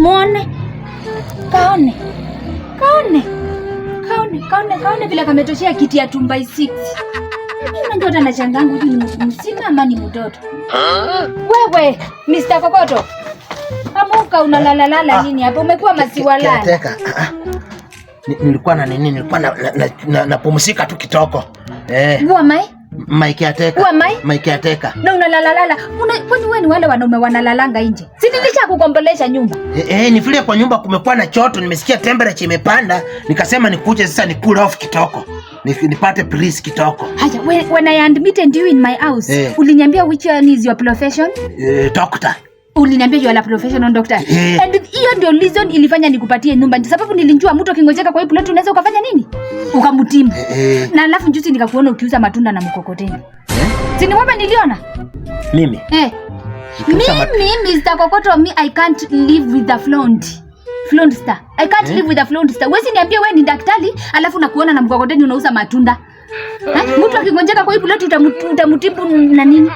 muone, kaone kaone kaone kaone kaone, vile kametoshea kiti ya tumbai six. Unajota na changangu hii, ni msima ama ni mtoto wewe? Mr. Kokoto amuka, unalalalala ah. nini hapo? Umekuwa masiwalala. Ah, ah. Nilikuwa na nini? Nilikuwa napumzika tu kitoko. Eh. Wamai Mike ateka. Wa mai? Mike ateka. Na unalalalala. Una kwani wewe ni wale wanaume wanalalanga nje? Si nilisha kukombolesha nyumba. Eh, eh, ni vile kwa nyumba kumekuwa na choto, nimesikia temperature imepanda, nikasema nikuje sasa ni cool off kitoko. Nipate please kitoko. Haya, when, when I admitted you in my house, eh, uliniambia which one is your profession? Eh, doctor. Uliniambia you are a professional doctor. Eh, eh. And hiyo ndio reason ilifanya nikupatie nyumba. Ndio sababu nilijua mtu akingojeka kwa hii plot unaweza ukafanya nini? Ukamtimu. Eh, na alafu juzi nikakuona ukiuza matunda na mkokoteni. Si ni mwamba niliona? Mimi. Eh. Mimi Mr. Kokoto me I can't live with the flaunt. Flaunt star. I can't live with the flaunt star. Wewe si niambie wewe ni daktari, alafu nakuona na mkokoteni unauza matunda. Mtu akigonjeka kwa hii buleti utamutibu na nini?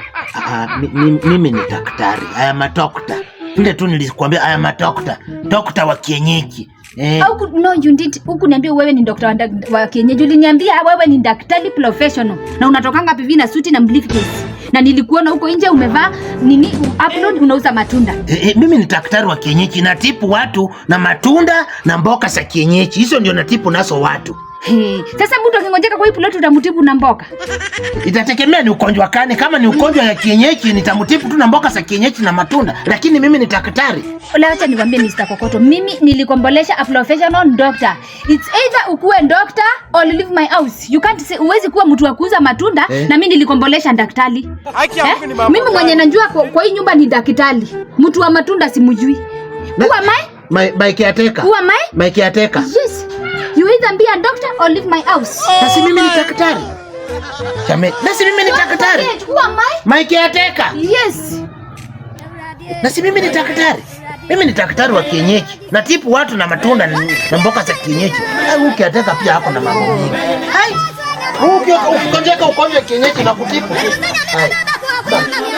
Mimi ni daktari, I am a doctor. ile tu nilikuambia, I am a doctor. Doctor wa kienyeji eh. no you huku. Niambia wewe ni doctor wa kienyeji? Uliniambia wewe ni daktari professional na unatokanga pivi na suti na briefcase na nilikuona huko nje umevaa nini upload, unauza matunda. Eh, eh, mimi ni daktari wa kienyeji, natipu watu na matunda na mboka za kienyeji, hizo ndio natipu naso watu. Hmm. Sasa mtu akingojeka kwa hii ploti utamtibu na mboka? Itategemea ni ugonjwa kani. Kama ni ugonjwa ya kienyeji nitamtibu tu na mboka za kienyeji na matunda, lakini mimi ni daktari. Acha niwaambie Mr. Kokoto, mimi nilikombolesha a professional doctor. It's either ukuwe doctor or leave my house. You can't say uwezi kuwa mtu wa kuuza matunda eh, na mimi nilikombolesha daktari. Eh? Mimi mwenye najua kwa, kwa hii nyumba ni daktari. Mtu wa matunda simjui. Who am I? My my caretaker. Who am I? My caretaker. Yes. You either be a doctor or leave my house. Eh, na si mimi ni daktari. Jamani, na si mimi ni daktari. Who am I? My caretaker. Yes. Na si mimi ni daktari. Mimi ni daktari wa kienyeji. Natibu watu na matunda na mboga za kienyeji. Au caretaker pia hapo na mambo mengi. Hai. Ukiwa ukonjeka ukonje kienyeji na kutibu. Hai.